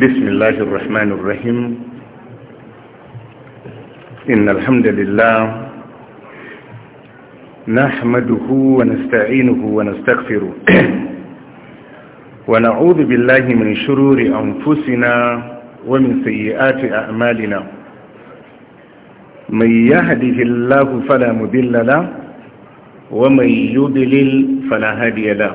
بسم الله الرحمن الرحيم إن الحمد لله نحمده ونستعينه ونستغفره ونعوذ بالله من شرور أنفسنا ومن سيئات أعمالنا من يهده الله فلا مذل له ومن يضلل فلا هادي له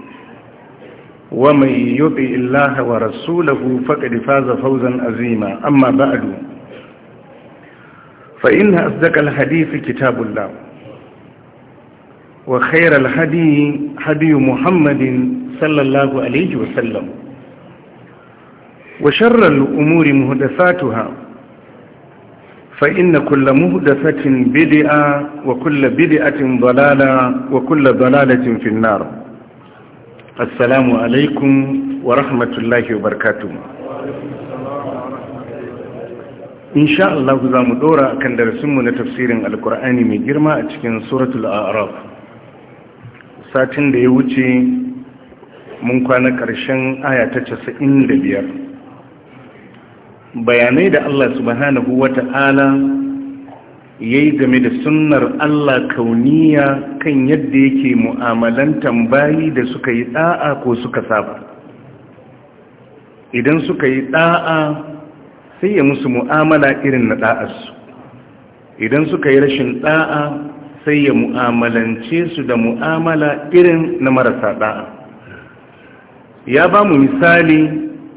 ومن يطع الله ورسوله فقد فاز فوزا عظيما أما بعد فإن أصدق الحديث كتاب الله وخير الهدي هدي محمد صلى الله عليه وسلم وشر الأمور مهدفاتها فإن كل مهدفة بدعة وكل بدعة ضلالة وكل ضلالة في النار assalamu alaikum wa rahmatullahi wa barkatu insha Allah za mu dora kan darasinmu na tafsirin alkur'ani mai girma a cikin suratul araf satin da ya wuce mun kwana ƙarshen aya ta casa'in da biyar bayanai da Allah subhanahu wa ta'ala ya yi game da sunnar Allah kauniya kan yadda yake mu'amalantan bayi da suka yi ɗa'a ko suka saba idan suka yi ɗa'a sai ya musu mu'amala irin na ɗa'arsu idan suka yi rashin ɗa'a sai ya mu'amalance su da mu'amala irin na marasa ɗa'a ya ba mu misali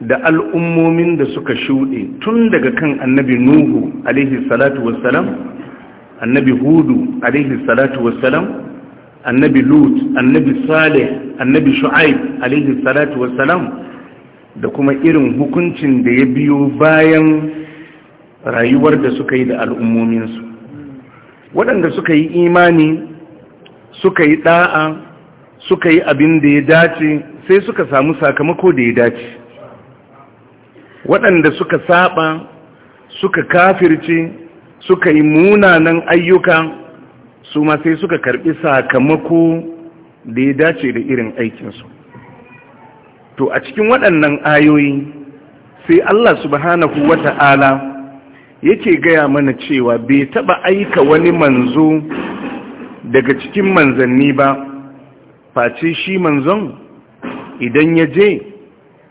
da al'ummomin da suka shuɗe tun daga kan annabi nuhu alaihi salatu wassalam annabi hudu alaihi salatu wassalam annabi lut annabi salih annabi shu'aib alaihi salatu wassalam da kuma irin hukuncin da ya biyo bayan rayuwar da suka yi da al'ummominsu waɗanda suka yi imani suka yi ɗa'a suka yi abin da ya dace sai suka samu sakamako da ya dace waɗanda suka saba suka kafirce suka yi munanan ayyuka su ma sai suka karbi sakamako da ya dace da irin aikinsu to a cikin waɗannan ayoyi sai Allah subhanahu Ta'ala yake gaya mana cewa bai taɓa aika wani manzo daga cikin manzanni ba face shi manzon idan ya je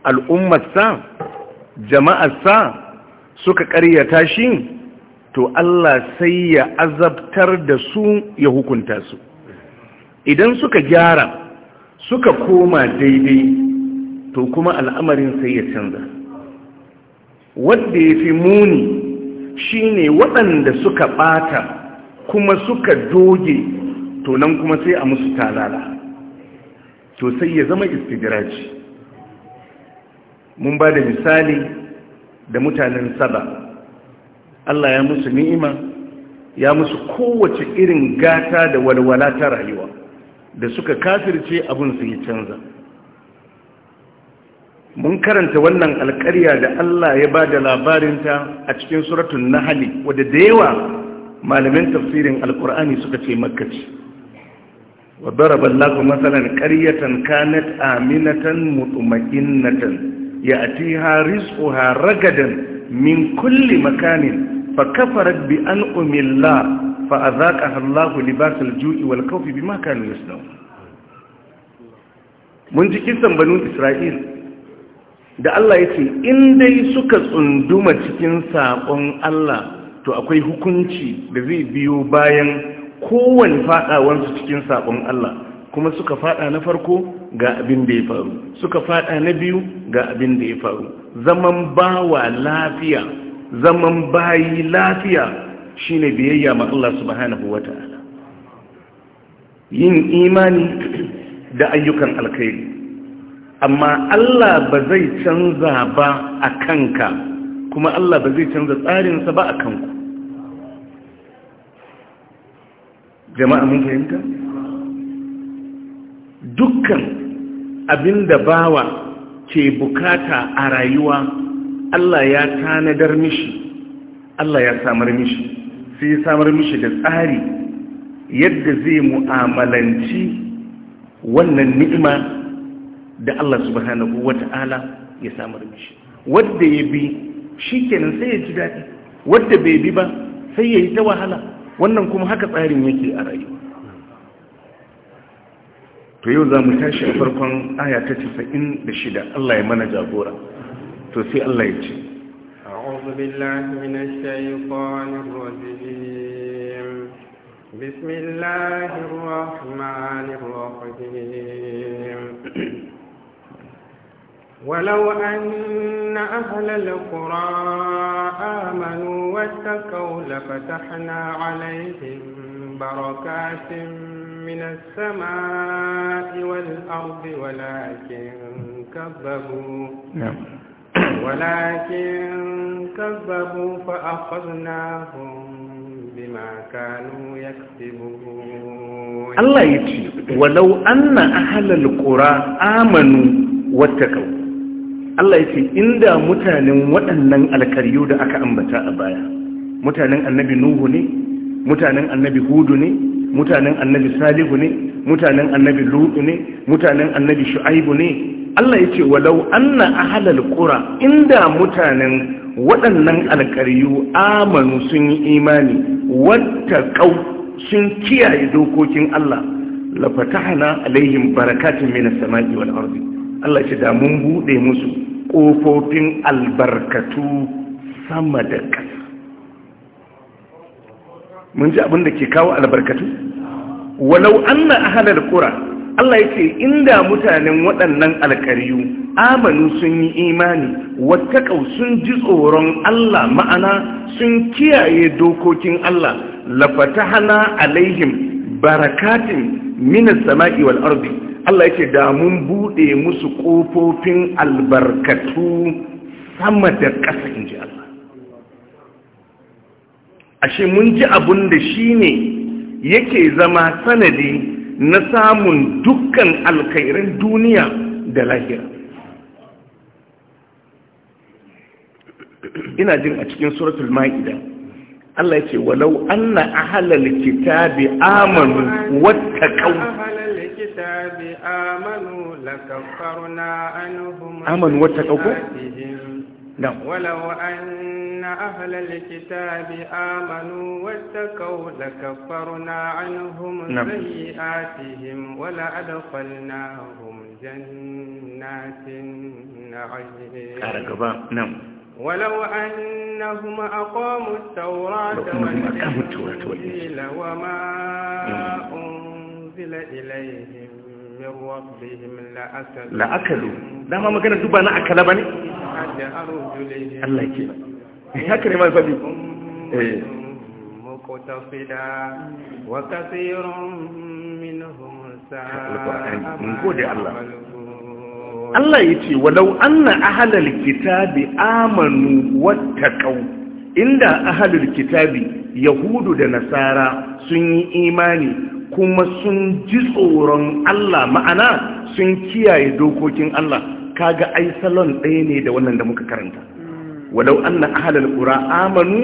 al'ummarsa jama'arsa suka ƙaryata shi to Allah sai ya azabtar da su ya hukunta su idan suka gyara suka koma daidai to kuma al'amarin sai ya canza Wanda ya fi muni shine waɗanda suka ɓata kuma suka doge to nan kuma sai a musu talala to sai ya zama istigiraci mun ba da misali da mutanen saba Allah ya musu ni'ima ya musu kowace irin gata da walwala ta rayuwa da suka kafirce abin su yi canza mun karanta wannan alƙarya da Allah ya ba da labarinta a cikin suratun nahali wadda da yawa malamin tafsirin alƙur'ani suka ce makkaci wa daraba lagu matsalan ƙaryatan kanat aminatan mutumakinnatan ya ati ha ragadan min kulli makanin fa kafarat bi umilla fa azaqaha Allahu libasal ju'i wal khawfi bima kanu yasnaun mun ji kisan banu Isra'il da Allah yace ce in dai suka tsunduma cikin saƙon Allah to akwai hukunci da zai biyo bayan kowane faɗawansu cikin saƙon Allah kuma suka fada na farko ga abin da ya faru suka fada na biyu ga abin da ya faru zaman bawa lafiya zaman bayi lafiya shine biyayya ma Allah subhanahu wataala yin imani da ayyukan alkhairi amma Allah ba zai canza ba a kanka kuma Allah ba zai canza tsarinsa ba a kanku jama'a mun fahimta? dukkan abin da bawa ke bukata a rayuwa Allah ya tanadar mishi Allah ya samar mishi sai ya samar mishi da tsari yadda zai mu'amalanci wannan ni'ima da Allah subhanahu wata'ala ya samar mishi wadda ya bi shi sai ya ji daɗi wadda bai bi ba sai ya yi ta wahala wannan kuma haka tsarin yake a rayuwa to yau za mu tashi a farkon aya ta 96 Allah ya mana jagora to sai Allah ya ce أعوذ بالله من الشيطان الرجيم بسم الله الرحمن الرحيم ولو أن أهل القرى آمنوا واتقوا لفتحنا عليهم بركات من السماء والأرض ولكن كذبوا نعم ولكن كذبوا فأخذناهم بما كانوا يكسبون الله يتي ولو أن أهل القرى آمنوا واتقوا Allah ya ce inda mutanen waɗannan alkaryu da aka ambata a baya mutanen annabi Nuhu ne mutanen annabi Hudu ne mutanen annabi salihu ne mutanen annabi lutu ne mutanen annabi shu'aibu ne Allah ya ce walau anna halal qura inda mutanen waɗannan alƙaryu amanu sun yi imani wata ƙau sun kiyaye dokokin Allah la fatahna alaihim barakatun na samai wal ardi Allah ya ce da mun buɗe musu kofofin albarkatu sama da ƙasa mun ji abin da ke kawo albarkatu walau anna halar kura. Allah yake inda mutanen waɗannan alkariyu amanu sun yi imani wattaqau sun ji tsoron Allah ma'ana sun kiyaye dokokin Allah lafatahana alaihim barakatin minas sama'i wal ardi Allah yake da mun bude musu ƙofofin albarkatu sama da ƙasa inji ashe mun ji abun da shi ne yake zama sanadi na samun dukkan alkhairin duniya da lahira ina jin a cikin suratul ma'ida Allah ya ce walau anna ahlal kitabi amanu wattaqaw amanu wattaqaw dan walau an ahlal kitabi amanu wattakau lakaffarna anhum sayi'atihim wa Allah ke eh, haka ne mai eh. Allah Allah ya walau anna ahlal kitabi amanu wattaqau inda ahlul kitabi yahudu da nasara sun yi imani kuma sun ji tsoron Allah ma'ana sun kiyaye dokokin Allah kaga ai salon ɗaya ne da wannan da muka karanta walau anna ahlal qura amanu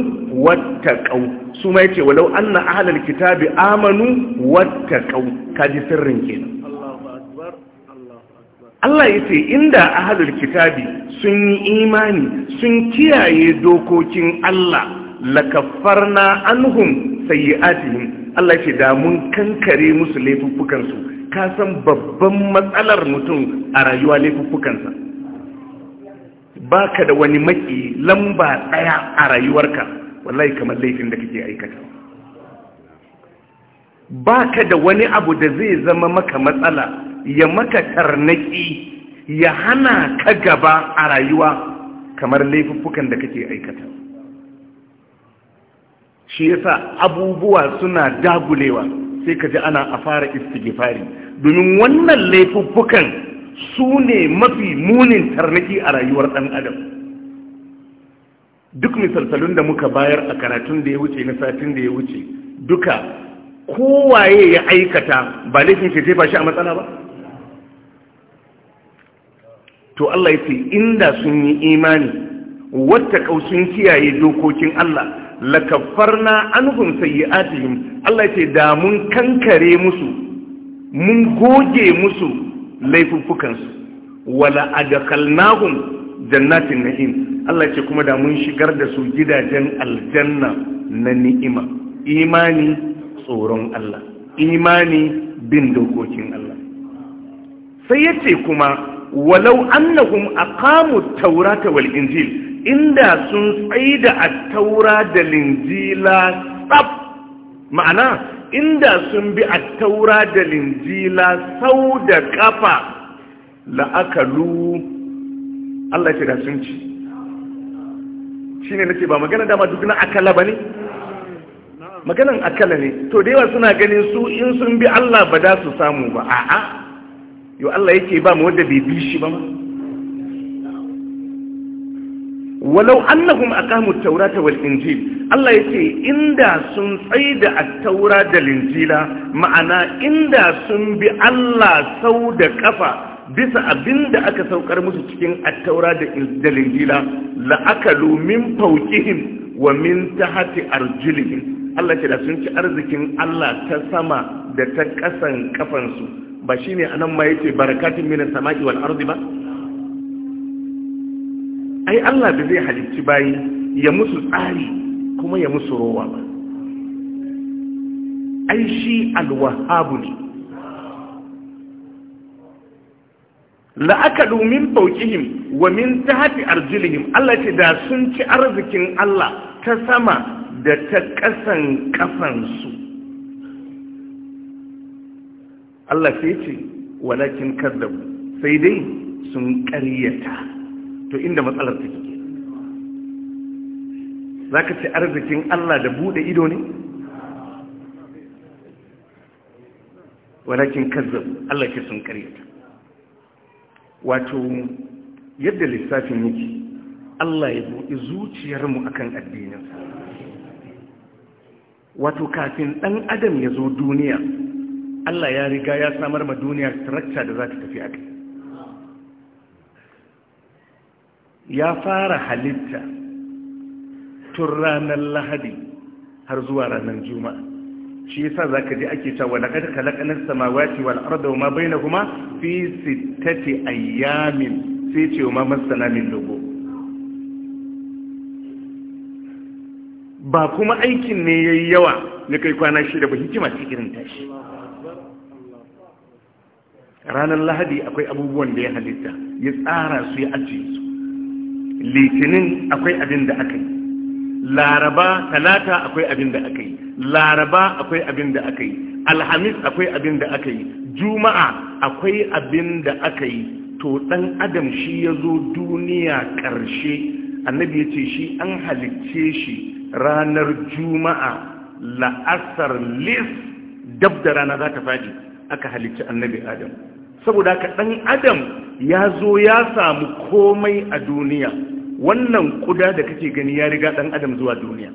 wattaqau su ma yace walau anna ahlal kitabi amanu wattaqau kaji sirrin kenan Allah yace inda ahlul kitabi sun yi imani sun kiyaye dokokin Allah lakaffarna anhum sayi'atihim Allah yace da mun kankare musu laifuffukan su ka san babban matsalar mutum a rayuwa laifuffukansa ba ka da wani maki lamba ɗaya a rayuwarka wallahi kamar laifin da kake aikata ba ka da wani abu da zai zama maka matsala ya maka tarnaki ya hana ka gaba a rayuwa kamar laifuffukan da kake aikata shi yasa abubuwa suna dagulewa sai ka ji ana a fara istighfari domin wannan laifuffukan su ne mafi munin tarnaki a rayuwar ɗan adam duk misalsalun da muka bayar a karatun da ya wuce na satin da ya wuce duka kowaye ya aikata ba laifin ke jefa shi a matsala ba to Allah ya ce inda sun yi imani wata kaushin kiyaye dokokin Allah lakaffarna anhum sayyi'atihim Allah ya ce da mun kankare musu mun goge musu laifuffukansu wala adkhalnahum jannatin na'im Allah ya ce kuma da mun shigar da su gidajen aljanna na ni'ima imani tsoron Allah imani bin dokokin Allah sai ya ce kuma walau annahum aqamu at-taurata wal injil inda sun tsaida attaura da linjila tsab ma'ana inda sun bi attaura da linjila sau da kafa la'akalu Allah ce da sun ci shi ne nake ba magana dama duk na akala ba ne maganan akala ne to da yawa suna ganin su in sun bi Allah ba da su samu ba a'a yau Allah yake ba mu wanda bai bi shi ba ma walau annahum aqamu at-taurata wal injil Allah yace inda sun tsaida at-taura da linjila ma'ana inda sun bi Allah sau da kafa bisa abinda aka saukar musu cikin at-taura da linjila la akalu min fawqihim wa min tahti arjulihim Allah ce da sun ci arzikin Allah ta sama da ta kasan kafansu ba shine anan ma yace barakatun minas samai wal ardi ba ai Allah da zai halicci bayi ya musu tsari kuma ya musu rowa ba ai shi alwahabu ne la'akadu min fawqihim wa min tahti arjulihim Allah ce da sun ci arzikin Allah ta sama da ta kasan kafansu Allah sai ce walakin kadzabu sai dai sun ƙaryata to inda matsalar take ke za ka ce arzikin Allah da buɗe ido ne? walakin kazzab Allah ke sun karyata wato yadda lissafin yake Allah ya buɗe zuciyarmu akan addininsa wato kafin ɗan adam ya zo duniya Allah ya riga ya samar ma duniya tarakta da za ta tafi a kai ya fara halitta tun ranar lahadi har zuwa ranar juma'a shi yasa zaka ji ake cewa laqad khalaqnas samawati wal arda wama bainahuma fi sittati ayyamin sai ce ma masana min lugu ba kuma aikin ne yayi yawa ne kai kwana shi da ba hikima ce irin tashi ranar lahadi akwai abubuwan da ya halitta ya tsara su ya ajiye su litinin akwai abin da aka yi laraba talata akwai abin da aka yi laraba akwai abin da aka yi alhamis akwai abin da aka yi juma'a akwai abin da aka yi to dan adam shi ya zo duniya ƙarshe annabi ya ce shi an halicce shi ranar juma'a la'asar lis dab da rana za ta faɗi aka halicci annabi adam saboda ka ɗan adam ya zo ya samu komai a duniya wannan kuda da kake gani ya riga ɗan adam zuwa duniya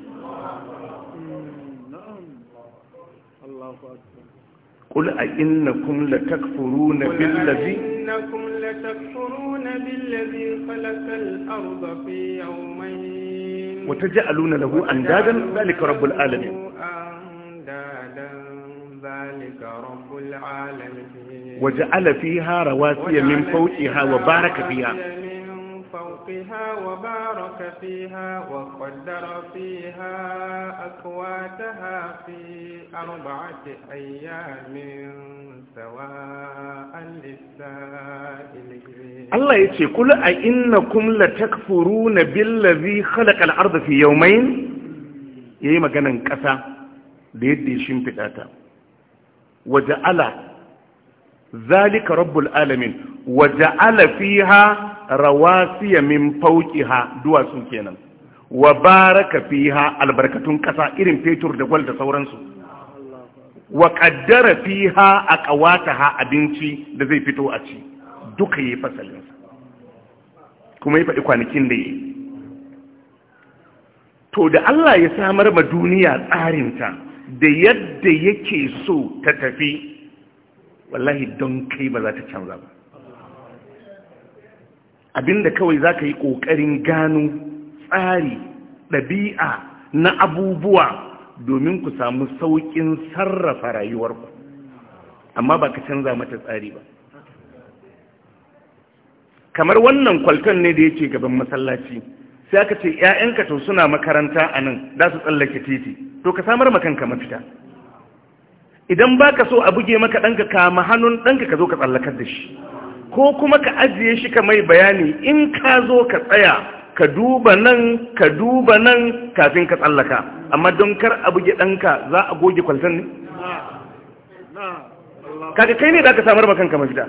قل أئنكم لتكفرون بالذي إنكم لتكفرون بالذي خلق الأرض في يومين وتجعلون له أندادا ذلك رب العالمين أندادا ذلك رب العالمين وجعل فيها رواسي من فوقها وبارك فيها فوقها وبارك فيها وقدر فيها أكواتها في أربعة أيام سواء للسائلين الله يتي قل أئنكم لتكفرون بالذي خلق الأرض في يومين يما كان انكسى da شمت ya وجعل zalika rabbul alamin wa ja'ala fiha rawasiya min fawqiha sun kenan wa baraka fiha albarkatun kasa irin fetur da gwal da sauransu wa qaddara fiha aqwataha abinci da zai fito a ci duka yi fasalin kuma yi faɗi kwanakin da yi to da Allah ya samar ma duniya tsarinta da yadda yake so ta tafi wallahi don kai ba za ta canza ba abinda kawai za ka yi ƙoƙarin gano tsari ɗabi'a na abubuwa domin ku samu sauƙin sarrafa rayuwarku amma ba ka canza mata tsari ba kamar wannan kwalton ne da ya ce gaban masallaci sai aka ce 'ya'yanka to suna makaranta a nan za su tsallake titi to ka samar makanka mafita idan ba ka so a buge maka ɗanka kama hannun ɗanka ka zo ka tsallakar da shi ko kuma ka ajiye shi ka mai bayani in ka zo ka tsaya ka duba nan ka duba nan kafin ka tsallaka amma don kar a buge ɗanka za a goge kwalton ne? kaga kai ne da aka samar makanka mafita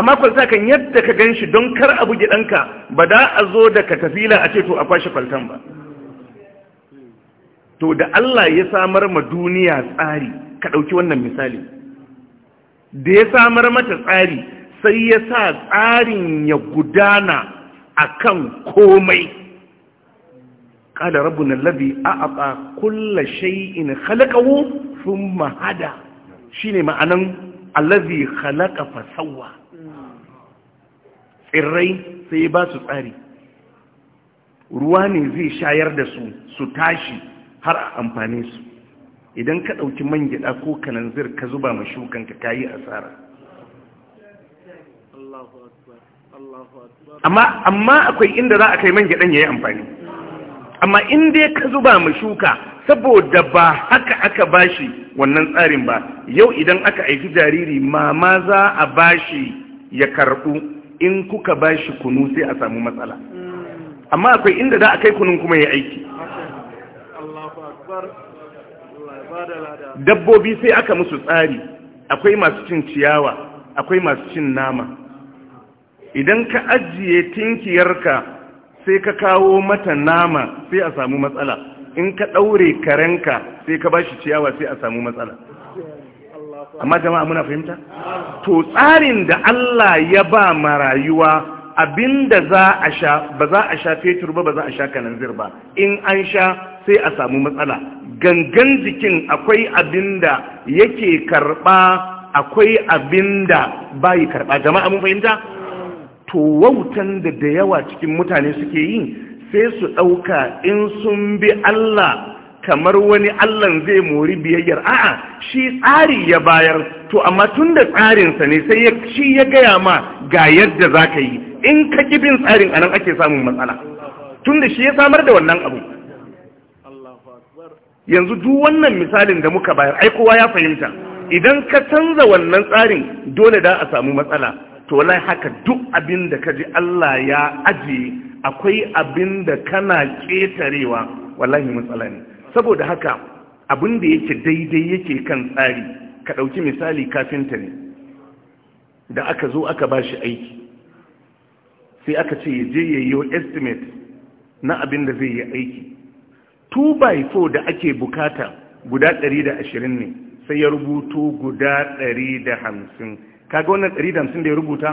amma kwalta kan yadda ka gan shi don kar a buge ɗanka ba da a zo da ka tafila a ce to a kwashe kwalton ba to da Allah ya samar ma duniya tsari ka ɗauki wannan misali da ya samar mata tsari sai ya sa tsarin ya gudana akan komai ƙada na labi a aƙa kulla shai'in halakawo sun mahada shi ne ma'anan allazi halaka fasawa tsirrai sai ba su tsari ruwa ne zai shayar da su su tashi har a amfane su idan ka ɗauki man gida ko kananzir ka zuba ma shukanka ka yi asara amma akwai inda za a kai man gidan ya yi amfani amma inda ya ka zuba ma shuka saboda ba haka aka bashi wannan tsarin ba yau idan aka aiki jariri mama za a bashi ya karɓu in kuka bashi kunu sai a samu matsala mm. amma akwai inda za a kai kunun kuma ya aiki dabbobi sai aka musu tsari akwai masu cin ciyawa akwai masu cin nama idan ka ajiye tinkiyarka sai ka kawo mata nama sai a samu matsala in ka ɗaure karenka sai ka bashi ciyawa sai a samu matsala amma jama'a muna fahimta to tsarin da Allah ya ba ma rayuwa abinda za a sha ba za a sha fetur ba ba za a sha kananzir ba in an sha sai a samu matsala gangan jikin akwai abinda yake karba akwai abinda bayi karba jama'a mun fahimta to wautan da da yawa cikin mutane suke yi sai su ɗauka in sun bi Allah kamar wani Allah zai mori biyayyar a'a shi tsari ya bayar to amma tun da tsarinsa ne sai shi ya gaya ma ga yadda za ka yi in ka ƙi bin tsarin anan ake samun matsala tun da shi ya samar da wannan abu yanzu duk wannan misalin da muka bayar ai kowa ya fahimta idan ka canza wannan tsarin dole da a samu matsala to wallahi haka duk abin da ka ji Allah ya aje akwai abin da kana ketarewa wallahi matsala ne saboda haka abin da yake daidai yake kan tsari ka ɗauki misali kafinta ne da aka zo aka ba shi aiki sai aka ce je yayyo estimate na abin da zai yi aiki 2 by 4 da ake bukata guda 120 ne sai ya rubuto guda 150 kaga wannan 150 da ya rubuta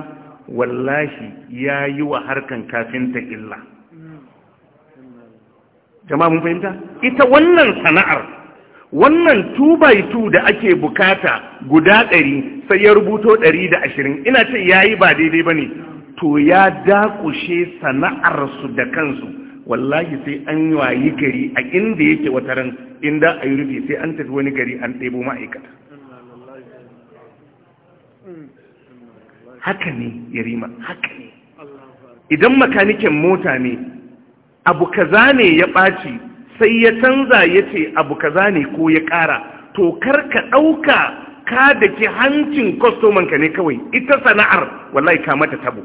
wallahi ya yi wa harkan kafinta illa jama'a mun fahimta ita wannan sana'ar wannan 2 by 2 da ake bukata guda 100 sai ya rubuto 120 ina ce yayi ba daidai bane to ya dakushe sana'arsu da kansu wallahi sai an wayi gari a inda yake wataran inda a yi rufi sai an tafi wani gari an ɗebo ma'aikata haka ne yarima haka ne idan makaniken mota ne abu kaza ne ya ɓaci sai ya canza ya ce abu kaza ne ko ya ƙara to kar ka ɗauka ka da ke hancin kwastomanka ne kawai ita sana'ar wallahi ka mata tabo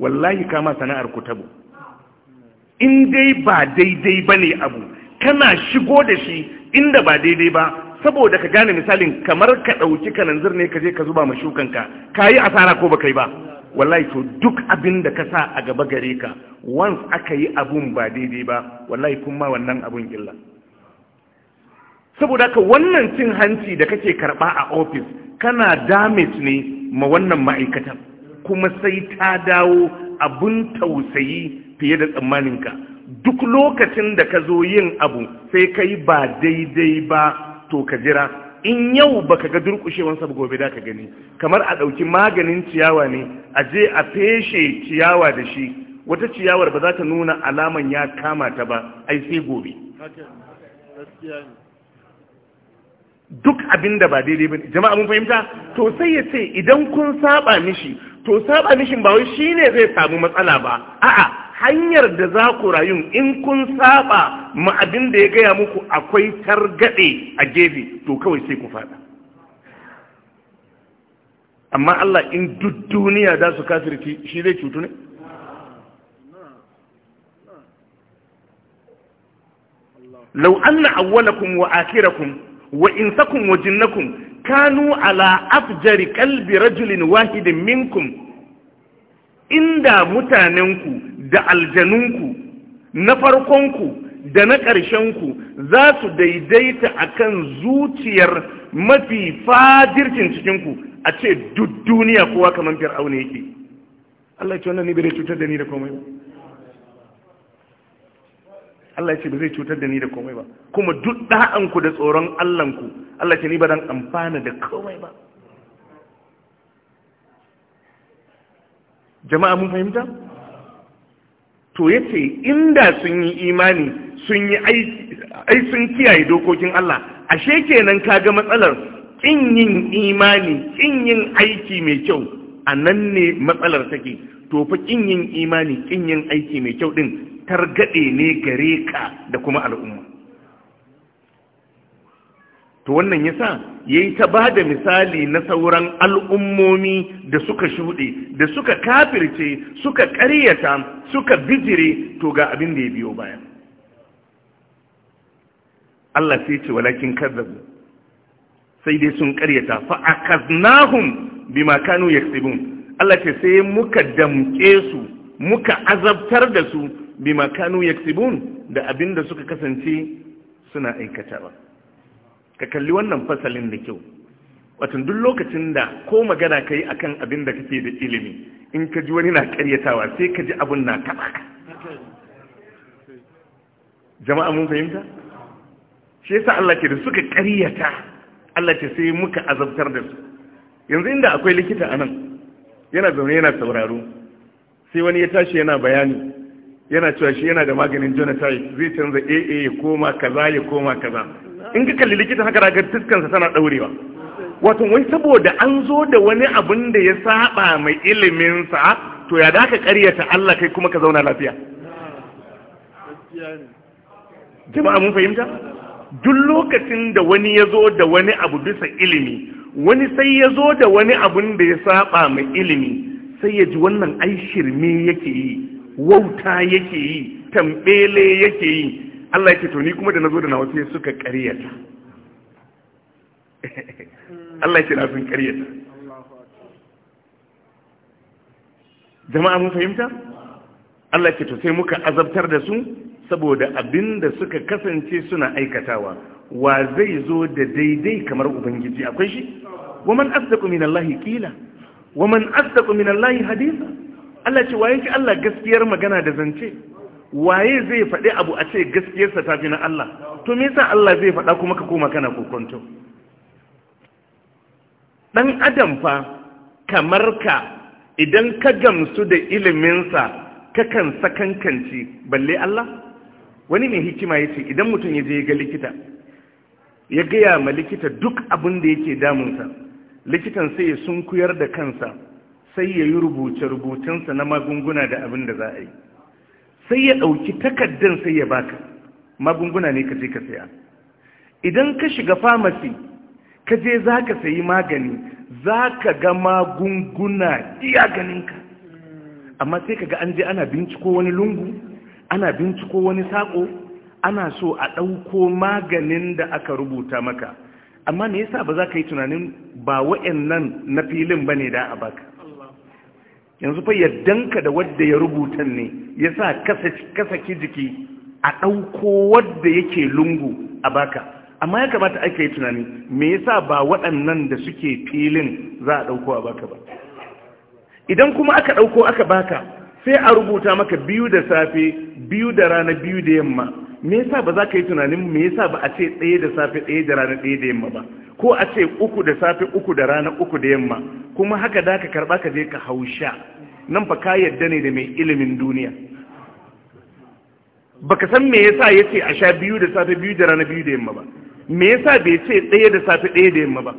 wallahi kama sana'ar ku tabo in dai ba daidai ba ne abu kana shigo da shi inda ba daidai ba saboda ka gane misalin kamar ka ɗauki kananzir ne ka je ka zuba ma shukanka ka yi asara ko ba kai ba wallahi to duk abin da ka sa a gaba gare ka once aka yi abun ba daidai ba wallahi kun ma wannan abun illa saboda ka wannan cin hanci da kake karɓa a ofis kana damage ne ma wannan ma'aikatan kuma sai ta dawo abun tausayi fiye da tsammaninka duk lokacin da ka zo yin abu sai ka yi ba daidai ba to ka jira in yau baka ga durƙushewan sabu gobe da ka gani kamar a ɗauki maganin ciyawa ne a je a feshe ciyawa da shi wata ciyawar ba za ta nuna alaman ya kama ta ba ai sai gobe duk abin da ba daidai ba jama'a mun fahimta to sai ya ce idan kun saba mishi to saba mishin ba wai shine zai samu matsala ba a'a hanyar da za ku rayu in kun saba ma abin da ya gaya muku akwai targaɗe a gefe to kawai sai ku faɗa amma Allah in duk duniya za su kafirci shi zai cutu ne lau anna awwalakum wa akhirakum wa insakum wa jinnakum kanu ala afjari kalbi rajulin wahidin minkum inda mutanenku da aljanunku na farkonku da na ƙarshenku za su daidaita akan zuciyar mafi fadircin cikinku a ce duk duniya kowa kamar fir'auna yake Allah ya ce wannan ni bai cutar da ni da komai Allah ya ce ba zai cutar da ni da komai ba kuma duk da'anku da tsoron Allahnku Allah ce ni ba dan amfana da komai ba jama'a mun fahimta to yace inda sun yi imani sun yi ai sun kiyaye dokokin Allah ashe kenan kaga matsalar kin yin imani kin yin aiki mai kyau anan ne matsalar take to fa kin yin imani kin yin aiki mai kyau din targaɗe ne gare ka da kuma al'umma to wannan yasa yayi ta ba da misali na sauran al'ummomi da suka shuɗe da suka kafirce suka ƙaryata suka bijire to ga abin da ya biyo baya Allah sai ce walakin kazzabu sai dai sun ƙaryata fa akaznahum bima kanu yaksibun Allah ce sai muka damƙe su muka azabtar da su bima kanu yaksibun da abinda suka kasance suna aikatawa ka kalli wannan fasalin da kyau watan duk lokacin da ko magana ka yi akan abin da kake da ilimi in ka ji wani na karyatawa sai ka ji abin na taɓa ka jama'a mun fahimta shi yasa Allah ke da suka karyata Allah ce sai muka azabtar da su yanzu inda akwai likita anan yana zaune yana sauraro sai wani ya tashi yana bayani yana cewa shi yana da maganin jonathan zai canza aa ya koma kaza ya koma kaza in ka kalli likita haka ragar tuskansa tana daurewa wato wai saboda an zo da wani abin da ya saba mai iliminsa to ya da ka karyata Allah kai kuma ka zauna lafiya jama'a mun fahimta duk lokacin da wani ya zo da wani abu bisa ilimi wani sai ya zo da wani abun da ya saba mai ilimi sai ya ji wannan ai shirme yake yi wauta yake yi tambele yake yi Allah yake to ni kuma da nazo da nawa sai suka ƙaryata Allah yake da sun ƙaryata jama'a mun fahimta Allah yake to sai muka azabtar da su saboda abin da suka kasance suna aikatawa wa zai zo da daidai kamar ubangiji akwai shi waman asdaqu minallahi qila waman asdaqu minallahi hadisa? Allah ce waye ki Allah gaskiyar magana da zance waye zai faɗi abu a ce gaskiyarsa ta fi na Allah to me yasa Allah zai faɗa kuma ka koma kana kokonto dan adam fa kamar ka idan ka gamsu da iliminsa kakan sakankanci balle Allah wani mai hikima yace idan mutum ya je ga likita ya gaya ma likita duk abin da yake damunsa likitan sai ya sunkuyar da kansa sai ya yi rubuce-rubucensa na magunguna da abin da za a yi sai ya ɗauki takardar sai ya baka magunguna ne ka je ka saya idan ka shiga famasi ka je za ka sayi magani za ka ga magunguna iya ganinka amma sai ka ga an je ana binciko wani lungu ana binciko wani saƙo ana so a ɗauko maganin da aka rubuta maka amma me yasa ba za ka yi tunanin ba nan na filin ba ne da a baka yanzu fa yaddanka da wadda ya rubuta ne ya sa kasaki jiki a ɗauko wadda yake lungu a baka amma ya kamata ake yi tunani me yasa ba waɗannan da suke filin za a ɗauko a baka ba idan kuma aka ɗauko aka baka sai a rubuta maka biyu da safe biyu da rana biyu da yamma me yasa ba za ka yi tunanin me yasa ba a ce ɗaya da safe ɗaya da rana ɗaya da yamma ba ko a ce uku da safe uku da rana uku da yamma kuma haka da ka karɓa ka je ka hausha nan fa ka yadda ne da mai ilimin duniya baka san me yasa ya ce a sha biyu da safe biyu da rana biyu da yamma ba me yasa bai ce ɗaya da safe ɗaya da yamma ba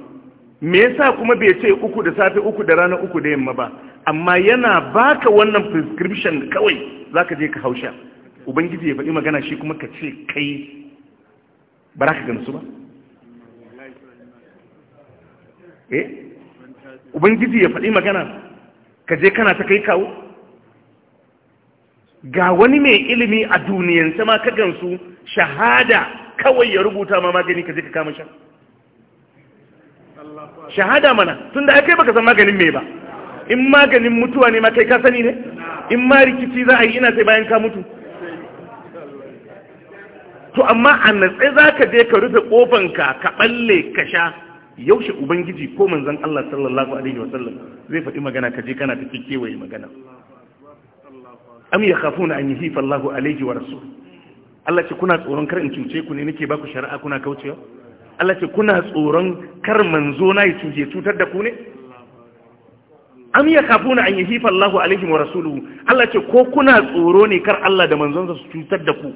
me yasa kuma bai ce uku da safe uku da rana uku da yamma ba amma yana baka wannan prescription kawai zaka je ka hausha ubangiji ya faɗi magana shi kuma ka ce kai ba za ka gamsu ba eh ubangiji ya faɗi magana ka je kana ta kai kawo ga wani mai ilimi a duniyan sama ka gansu shahada kawai ya rubuta ma magani ka je ka kama sha shahada mana tun da aka yi baka san maganin mai ba in maganin mutuwa ne ma kai ka sani ne in ma rikici za a yi ina sai bayan ka mutu to amma a natse za ka je ka rufe ƙofanka ka ɓalle ka sha yaushe ubangiji ko manzon Allah sallallahu alaihi wa sallam zai faɗi magana ka je kana ta kewaye magana am ya na an hifa Allahu alaihi wa rasul Allah ce kuna tsoron kar in cuce ku ne nake baku shari'a kuna kaucewa Allah ce kuna tsoron kar manzo na ya cuce cutar da ku ne am ya na an yi hifa Allahu alaihi wa rasuluhu Allah ce ko kuna tsoro ne kar Allah da manzonsa su cutar da ku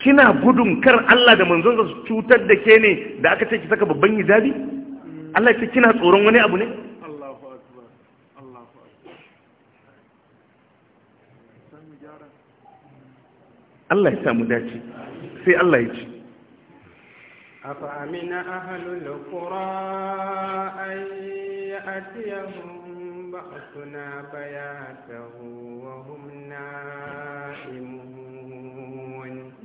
kina gudun kar Allah da manzon su cutar da ke ne da aka ce ki saka babban hijabi Allah ce kina tsoron wani abu ne Allah ya samu dace sai Allah ya ci. amina ahlul qura ay yatiyahum ba'tuna bayatahu wa hum na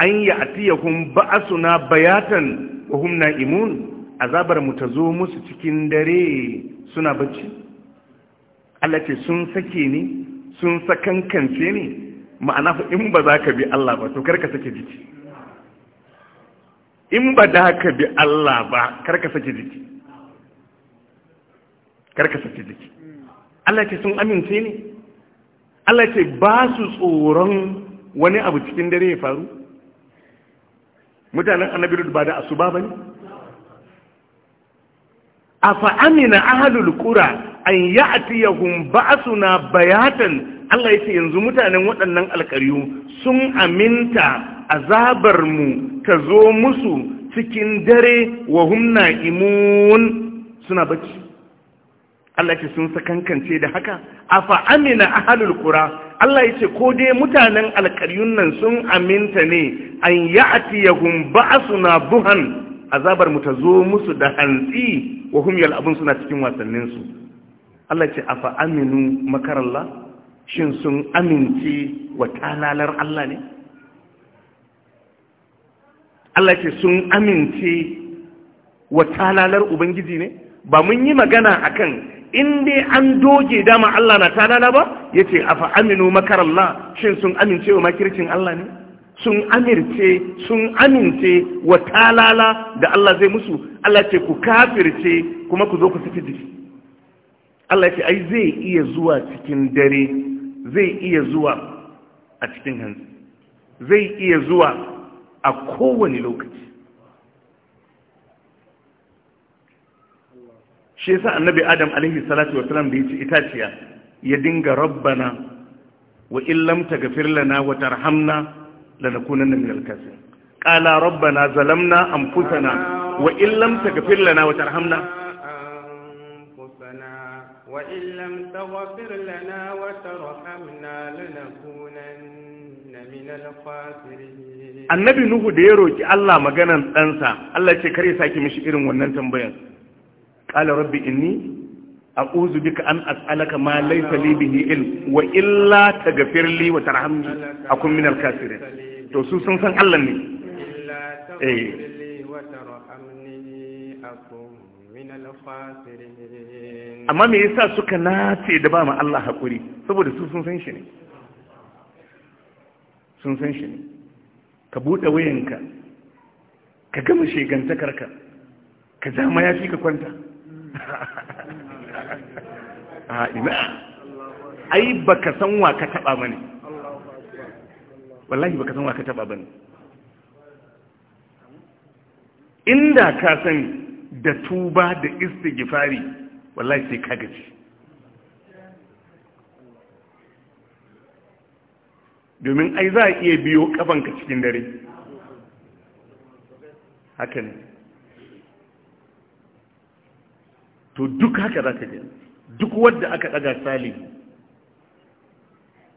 an yi a suna bayatan wa hum na'imun azabar mu ta zo musu cikin dare suna bacci Allah ce sun sake ni sun sakankance ni ma'ana fa in ba za ka bi Allah ba to karka sake jiki in ba da ka bi Allah ba karka sake jiki karka sake jiki Allah ce sun amince ni Allah ce ba su tsoron wani abu cikin dare ya faru mutanen annabi ba da asuba bane afa amina ahlul qura an ya'tiyahum ba'suna bayatan Allah yace yanzu mutanen waɗannan alƙaryu sun aminta azabar mu ta zo musu cikin dare wa hum na'imun suna bacci Allah ce sun sakankance da haka afa amina ahlul qura Allah ya ce ko dai mutanen alkaryun nan sun aminta ne an ya'tiyahum na buhan azabar mu ta zo musu da hantsi wa humiyar abin suna cikin wasanninsu. Allah ce afa aminu makarallah shin sun amince wa talalar Allah ne Allah ce sun amince wa talalar Ubangiji ne ba mun yi magana akan in dai an doge dama Allah na tadada ba ya ce a fa'aminu makarallah shin sun amince wa makircin Allah ne sun amince sun amince wa talala da Allah zai musu Allah ce ku kafirce kuma ku zo ku saki jiki Allah ce ai zai iya zuwa cikin dare zai iya zuwa a cikin hanzu zai iya zuwa a kowane lokaci shi yasa annabi adam alaihi salatu wasalam da yace itaciya ya dinga rabbana wa illam tagfir lana wa tarhamna lanakunanna minal khasirin qala rabbana zalamna anfusana wa illam tagfir lana wa tarhamna وإن لم تغفر لنا وترحمنا لنكونن من الخاسرين annabi nuhu da ya roki Allah maganan ɗansa Allah ce kare sake mishi irin wannan tambayar قال rabbi inni a'udhu بك an as'alaka ما ليس لي به علم wa illa لي وترحمني wa من الكافرين تو سو سن to الله sun san Allah ne amma me yasa suka nace da ba ma Allah hakuri saboda su sun san shi ne sun san shi ne ka bude wayanka ka gama shegantakarka ka zama yafi ka kwanta Ah, a ai baka san wa ka taba bane wallahi baka san wa ka taba bane inda ka sani da tuba da istighfari wallahi sai ka gaji domin ai za a iya biyo kafanka cikin dare haka ne to duk haka za ka duk wadda aka ɗaga salihu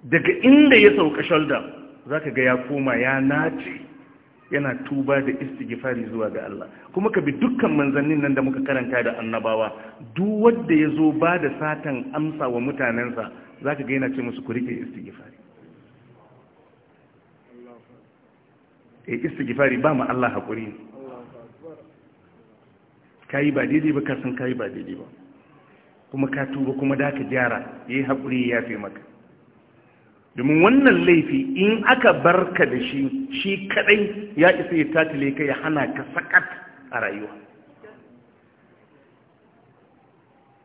daga inda ya sauka shalda za ka ga ya koma ya nace yana tuba da istighfari zuwa ga Allah kuma ka bi dukkan manzannin nan da muka karanta da annabawa duk wanda ya zo ba da satan amsa wa mutanensa za ka ga yana ce musu ku rike istighfari e istighfari ba ma Allah hakuri ka yi ba daidai ba ka ka yi ba daidai ba kuma ka tuba kuma da ka gyara ya yi haƙuri ya fi maka domin wannan laifi in aka bar ka da shi shi kadai ya isa ya tatile ka ya hana ka sakat a rayuwa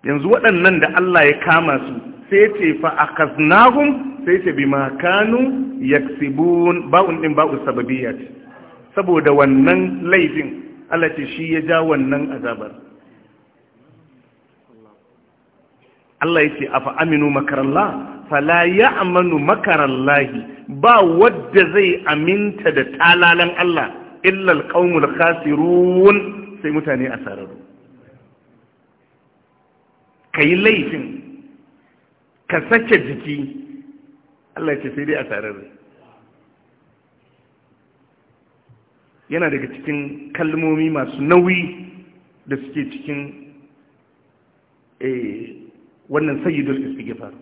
yanzu waɗannan da Allah ya kama su sai ce fa a kasnahun sai ce bi makanu ya ba'un ɗin ba'un sababiyyar saboda wannan laifin Allah ce shi ya ja wannan azabar Allah ya ce afa aminu makarallah fala ya amanu makarallahi ba wadda zai aminta da talalan Allah illal qaumul khasirun sai mutane asararu kai laifin ka sake jiki Allah ya ce sai dai asararu yana daga cikin kalmomi masu nauyi da suke cikin eh, wannan sayyidul istighfar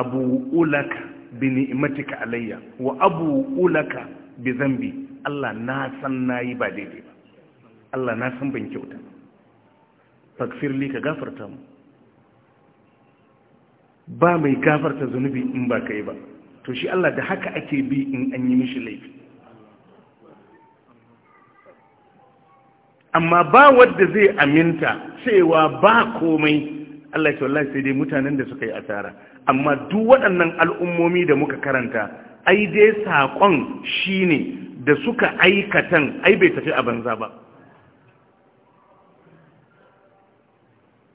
abu ulaka bi ni'matika alayya wa abu ulaka bi zambi Allah na san nayi ba daidai ba Allah na san ban kyauta takfir li ka gafarta mu ba mai gafarta zunubi in ba kai ba to shi Allah da haka ake bi in an yi mishi laifi amma ba wadda zai aminta cewa ba komai Allah ya wallahi sai dai mutanen da suka yi asara amma duk waɗannan al'ummomi da muka karanta ai dai saƙon shine da suka aikatan ai bai tafi a banza ba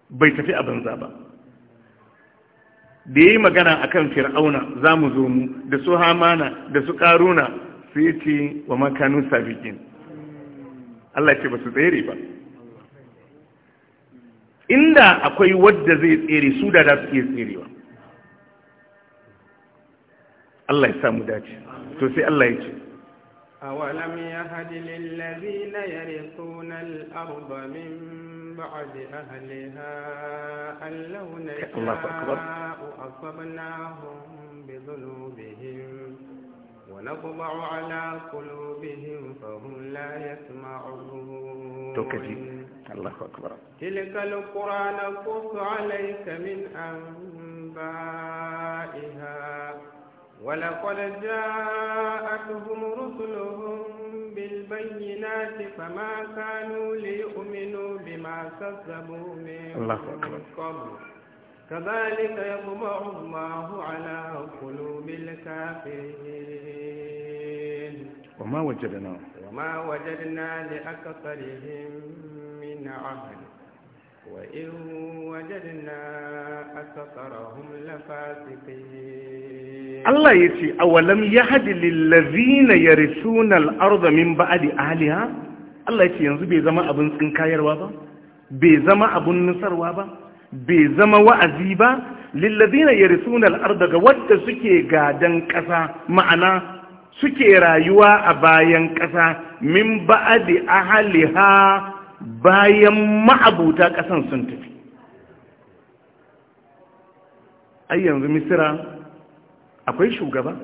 bai tafi a banza ba da yi magana akan fir'auna za mu zo mu da su hamana da su ƙaruna sai ce wa makanu sabiqin Allah ce ba su tsere ba inda akwai wadda zai tsere su da za su iya tserewa Allah ya samu dace to sai Allah ya ce أولم يهد للذين يرثون الأرض من بعد أهلها أن لو نشاء أصبناهم بذنوبهم ونطبع على قلوبهم فهم لا يسمعون توكتي الله أكبر تلك القرى نقص عليك من أنبائها ولقد جاءتهم رسلهم بالبينات فما كانوا ليؤمنوا بما كذبوا من الله أكبر قبل كذلك يطبع الله على قلوبهم وما وجدنا وما وجدنا لأكثرهم من عهد وإن وجدنا أكثرهم لفاسقين الله يتي أولم يهد للذين يرثون الأرض من بعد أهلها Allah ce yanzu bai zama abin tsinkayarwa ba bai zama abin nusarwa ba bai zama wa'azi ba lillazina yarisuna al-ard daga wadda suke gadan ƙasa ma'ana suke rayuwa a bayan ƙasa min ba'adi ahaliha bayan ma'abuta ƙasan sun tafi ai yanzu misira akwai shugaba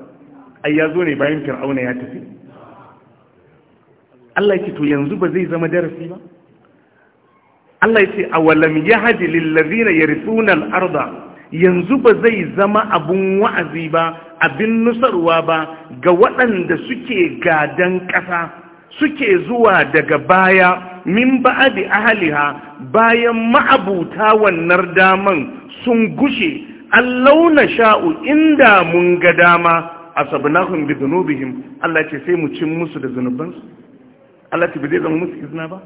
ai ya zo ne bayan fir'auna ya tafi Allah ya ce to yanzu ba zai zama darasi ba Allah ya ce awalam yahdi lil ladina yarithuna al-arda yanzu ba zai zama abun wa'azi ba abin nusarwa ba ga waɗanda suke gadan ƙasa suke zuwa daga baya min ba'adi ahaliha bayan ma'abuta wannan daman sun gushe an launa sha'u inda mun ga dama a sabinahun bi zunubihim Allah ce sai mu cin musu da zunubansu Allah ce bai zai zama musu izina ba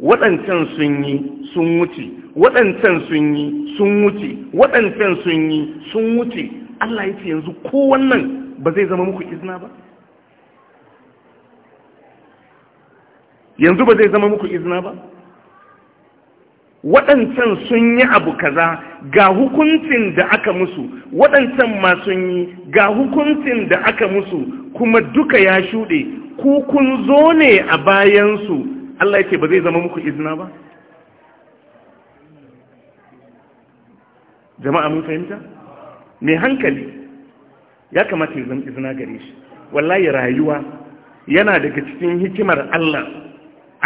waɗancan sun yi sun wuce waɗancan sun yi sun wuce waɗancan sun yi sun wuce Allah ya ce yanzu ko wannan ba zai zama muku izina ba yanzu ba zai zama muku izina ba waɗancan sun yi abu kaza ga hukuncin da aka musu waɗancan ma sun yi ga hukuncin da aka musu kuma duka ya shuɗe ku kun zo ne a bayansu Allah yake ba zai zama muku izina ba jama'a mun fahimta mai hankali ya kamata ya zama izina gare shi wallahi rayuwa yana daga cikin hikimar Allah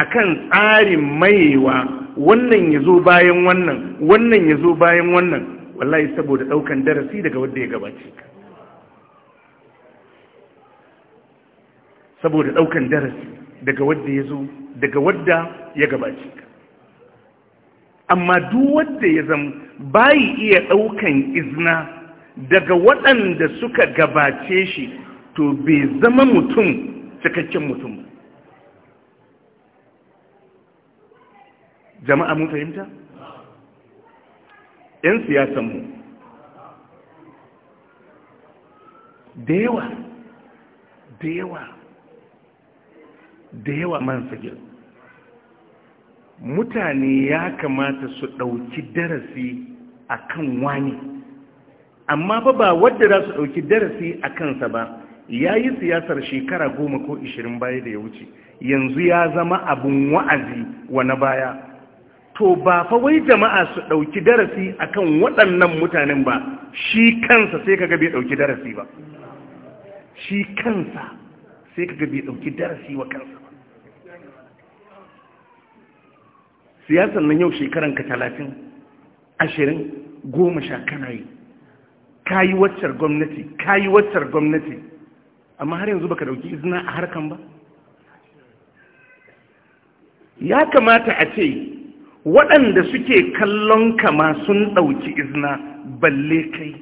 akan tsarin maiwa wannan ya zo bayan wannan wannan ya zo bayan wannan wallahi saboda ɗaukan darasi daga wadda ya gabace ka saboda ɗaukan darasi daga wadda ya zo daga wadda ya gabace amma duk wadda ya zama bayi iya ɗaukan izina daga waɗanda suka gabace shi to bai zama mutum cikakken mutum jama'a mun fahimta? 'yan siyasanmu da yawa da yawa da yawa man sagir mutane ya kamata su ɗauki darasi a kan wani amma ba ba wadda za su ɗauki darasi a kansa ba ya yi siyasar shekara goma ko ishirin baya da ya wuce yanzu ya zama abin wa'azi wa na baya to ba fa wai jama'a su ɗauki darasi akan waɗannan mutanen ba shi kansa sai kaga bai ɗauki darasi ba shi kansa sai kaga bai ɗauki darasi wa kansa siyasan nan yau shekaran ka talatin ashirin goma sha kana yi ka waccar gwamnati ka yi waccar gwamnati amma har yanzu baka dauki izina a harkan ba ya kamata a ce waɗanda suke kallon kama sun ɗauki izina balle kai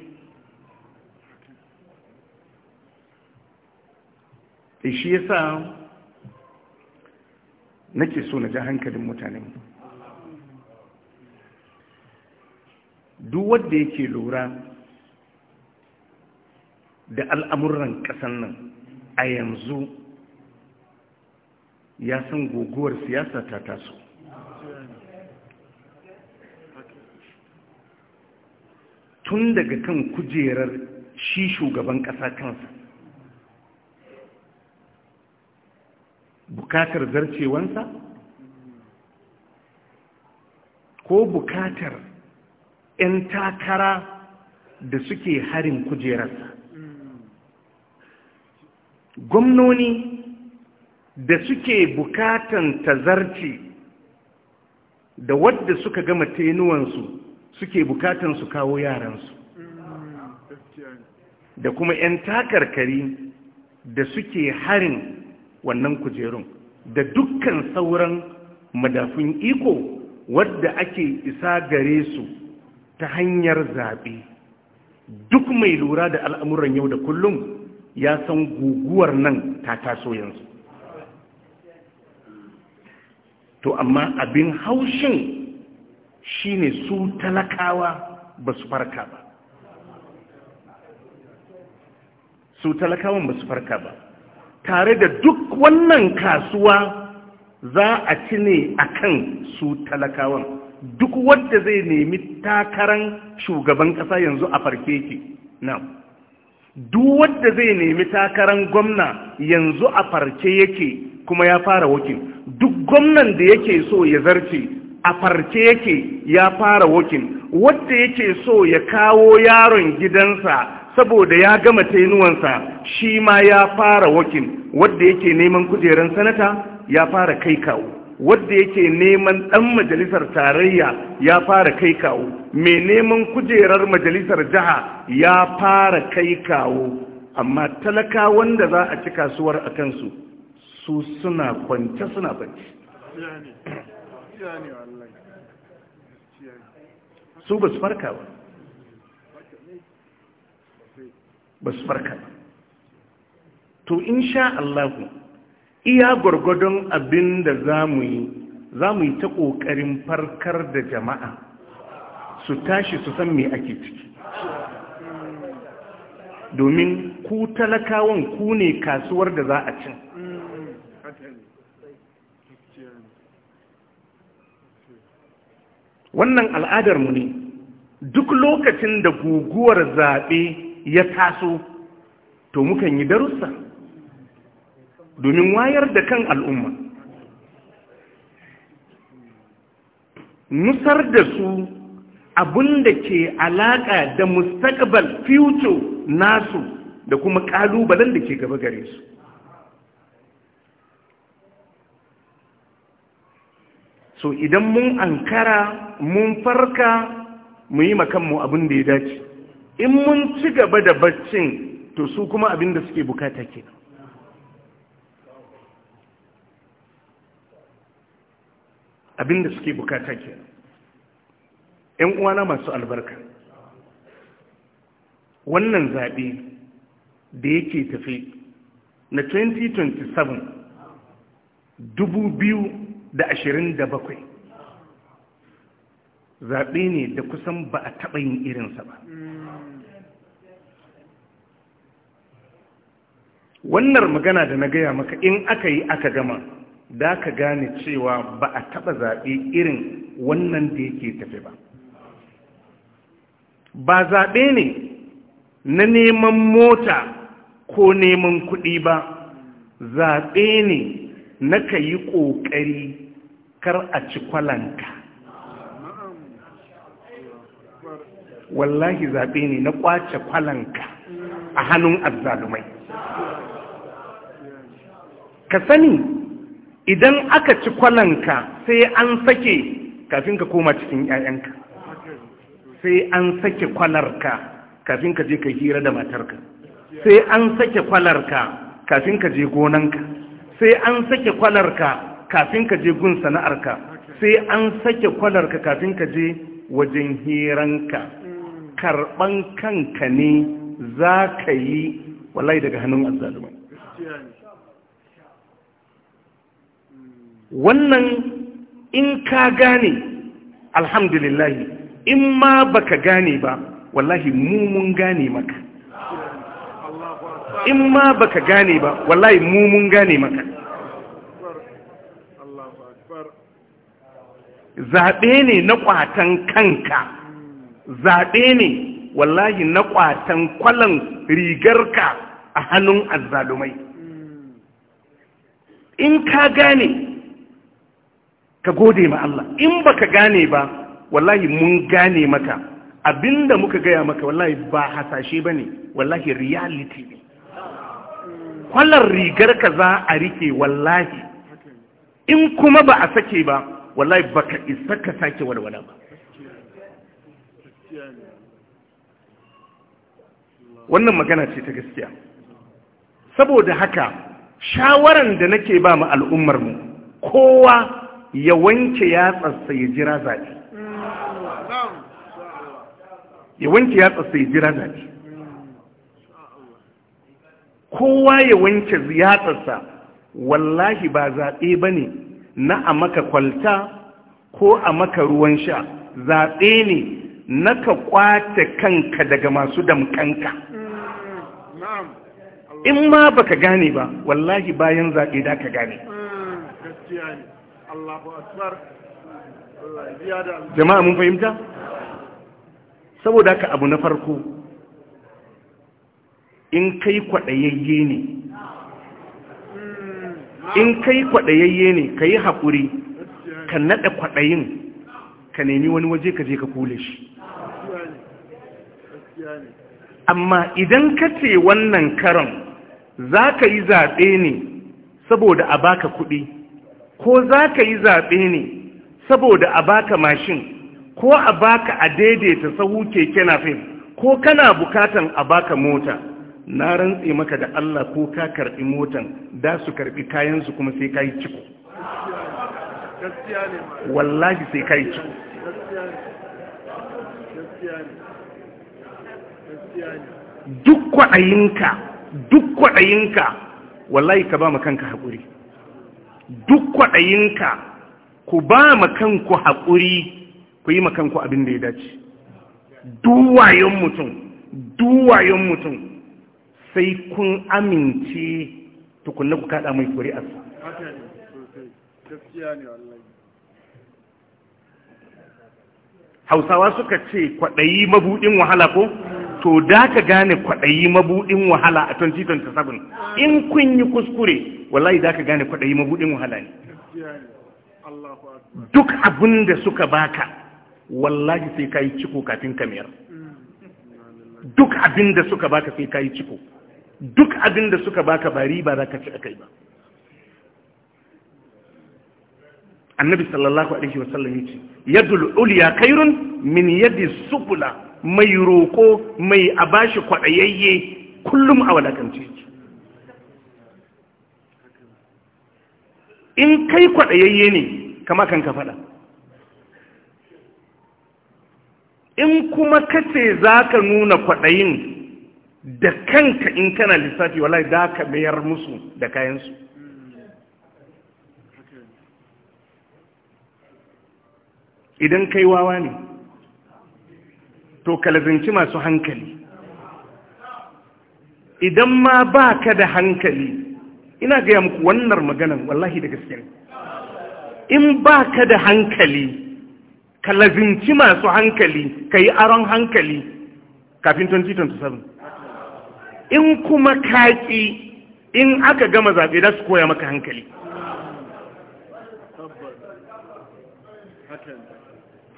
eh, shi yasa nake so na ji hankalin mutane. duk wanda yake lura da al'amuran ƙasan nan a yanzu ya san goguwar siyasa ta taso tun daga kan kujerar shi shugaban ƙasa kansa bukatar zarcewansa ko bukatar 'yan takara da suke harin kujerarsa gwamnoni da suke bukatan tazarci da wadda suka gama tenuwansu suke bukatan su kawo yaransu da kuma 'yan takarkari da suke harin wannan kujerun da dukkan sauran madafin iko wadda ake isa gare su ta hanyar zaɓe duk mai lura da al'amuran yau da kullum ya san guguwar nan ta taso yanzu to amma abin haushin shine su talakawa ba su farka ba su talakawan ba su farka ba tare da duk wannan kasuwa za a ci ne akan su talakawan duk wanda zai nemi takaran shugaban ƙasa yanzu a farke yake na duk wanda zai nemi takaran gwamna yanzu a farke yake kuma ya fara wakin duk gwamnan da yake so ya zarce a farke yake ya fara wakin wanda yake so ya kawo yaron gidansa saboda ya gama tainuwansa shi ma ya fara wakin wanda yake neman kujeran sanata ya fara kai kawo wadda yake neman ɗan majalisar tarayya ya fara kai kawo mai neman kujerar majalisar jiha ya fara kai kawo amma talaka wanda za a ci kasuwar a kansu su suna kwance suna bacci su ba farka ba ba su farka to in sha Allahu iya gwargwadon abin da za mu yi za mu yi ta ƙoƙarin farkar da jama'a su tashi su san me ake ciki domin ku talakawan ku ne kasuwar da za a cin wannan al'adarmu ne duk lokacin da guguwar zaɓe ya taso to mukan yi darussa domin wayar da kan al'umma nusar da su da ke alaƙa da mustaqbal future nasu da kuma ƙalubalen da ke gaba gare su so idan mun ankara mun farka mu yi makanmu abin da ya dace in mun ci gaba da baccin to su kuma abin da suke bukata kenan abinda suke bukata ke ‘yan uwana masu albarka wannan zaɓe da yake tafi na 2027 2027 zaɓe ne da kusan ba a taɓa yin irinsa ba wannan magana da na gaya maka in aka yi aka gama da ka gane cewa ba a taɓa zaɓe irin wannan da yake tafi ba ba zaɓe ne na neman mota ko neman kuɗi ba zaɓe ne na ka yi ƙoƙari kar a ci kwalanka wallahi zaɓe ne na ƙwace kwalanka a hannun azzalumai ka sani idan aka ci kwalanka sai an sake kafin ka koma cikin 'ya'yanka sai an sake kwalarka kafin ka je ka hira da matarka sai an sake kwalarka kafin ka je gonanka sai an sake kwalarka kafin ka je gun sana'arka sai an sake kwalarka kafin ka je wajen hiranka karɓan kanka ne za ka yi walai daga hannun azzalumai wannan in ka gane alhamdulillahi in ma baka gane ba wallahi mumun gane maka in ma baka gane ba wallahi mumun gane maka zaɓe ne na ƙwatan kanka zaɓe ne wallahi na ƙwatan kwalan rigarka a hannun azzalumai in ka gane ka gode ma Allah in baka gane ba wallahi mun gane maka abinda muka gaya maka wallahi ba hasashe ba ne wallahi reality ne kwallon rigar ka za a rike wallahi in kuma ba a sake ba wallahi baka isa ka sake walwala ba wannan magana ce ta gaskiya saboda haka shawaran da nake ba mu al'ummar mu kowa ya wanke ya jira zafi ya wanke ya jira zafi kowa ya wanke yatsarsa wallahi ba zaɓe ba ne na a maka kwalta ko a maka ruwan sha zaɓe ne na ka kwace kanka daga masu damkanka in ma baka gane ba wallahi bayan zaɓe da ka gane mm, jama'a mun fahimta saboda ka abu na farko in kai kwaɗayayye ne in kai kwaɗayayye ne ka yi haƙuri ka naɗa kwaɗayin ka nemi wani waje ka je ka kule shi amma idan ka ce wannan karon za ka yi zaɓe ne saboda a baka kuɗi ko za ka yi zaɓe ne saboda a baka mashin ko a baka a daidaita sahu keke fim ko kana bukatan a baka mota na rantse maka da Allah ko ka karɓi motan da su karɓi kayansu kuma sai ka yi ciko wallahi sai ka yi ciko duk kwaɗayinka duk kwaɗayinka wallahi ka ba kanka haƙuri duk kwaɗayinka ku ba kanku haƙuri ku yi kanku abin da ya dace duwayen mutum duwayen mutum sai kun amince tukunna ku kaɗa mai ƙuri'arsa hausawa suka ce kwaɗayi mabuɗin wahala ko to da ka gane kwaɗayi mabuɗin wahala a 2027 in kun yi kuskure wallahi za ka gane kwaɗayi mabuɗin wahala ne duk abin da suka baka wallahi sai ka yi ciko kafin kamiyar mm. duk abin da suka baka sai ka yi ciko duk abin da suka baka ba riba za ka ci akai ba annabi sallallahu alaihi wasallam yace yadul ulya khairun min yadi subula mai roko mai abashi kwaɗayayye kullum a walakance yake in kai kwaɗayayye ne kama kan ka faɗa in kuma ka ce za ka nuna kwaɗayin da kanka in kana lissafi walai za ka mayar musu da kayansu idan kai wawa ne to kalazinci masu hankali idan ma ba ka da hankali ina gaya muku wannan maganan wallahi da gaske ne in ba ka da hankali ka lazinci masu hankali ka yi aron hankali kafin 2027 in kuma kaƙi in aka gama zaɓe za su koya maka hankali